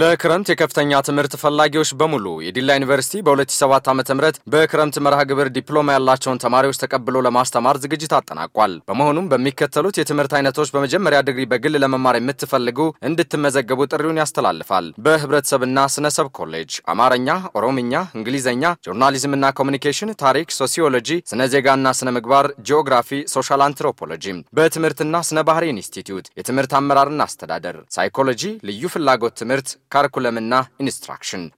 ለክረምት የከፍተኛ ትምህርት ፈላጊዎች በሙሉ የዲላ ዩኒቨርሲቲ በ2007 ዓ ም በክረምት መርሃ ግብር ዲፕሎማ ያላቸውን ተማሪዎች ተቀብሎ ለማስተማር ዝግጅት አጠናቋል። በመሆኑም በሚከተሉት የትምህርት አይነቶች በመጀመሪያ ድግሪ በግል ለመማር የምትፈልጉ እንድትመዘገቡ ጥሪውን ያስተላልፋል። በህብረተሰብና ስነሰብ ኮሌጅ አማርኛ፣ ኦሮምኛ፣ እንግሊዝኛ፣ ጆርናሊዝምና ኮሚኒኬሽን፣ ታሪክ፣ ሶሲዮሎጂ፣ ስነ ዜጋና ስነ ምግባር፣ ጂኦግራፊ፣ ሶሻል አንትሮፖሎጂ፣ በትምህርትና ስነ ባህሪ ኢንስቲትዩት የትምህርት አመራርና አስተዳደር፣ ሳይኮሎጂ፣ ልዩ ፍላጎት ትምህርት ካርኩለምና ኢንስትራክሽን